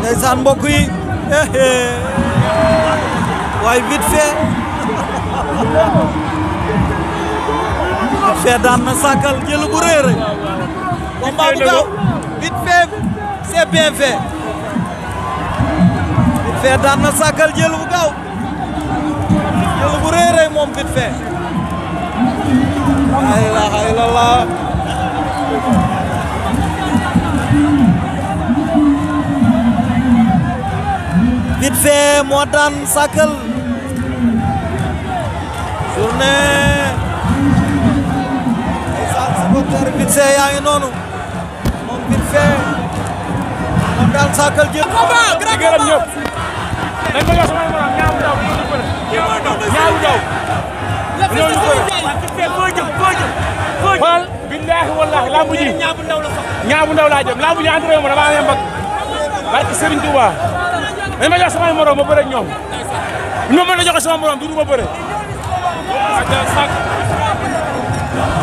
ndeysaan mbokk yi waaye vite fait vite fait daan na sàkkal jël bu rëy rëy combat bu gaaw vite fait c'est bien daan na sàkkal jël bu gaaw jël bu rëy rëy moom vite fait la nit fee moo daan sàkkal journée ay saan supporter nit fee yaa ngi noonu moom nit fee moo daan sàkkal jël di gërëm ñëpp dañ daw ñaawu daw xool billaahi wallaahi làmb ji ñaabu ndaw laa jëm làmb ji entraînement dama am mbag barke Serigne Touba dañ ma jox samay morom ma bëre ak ñoom ma mën a joxe sama morom du ma bëre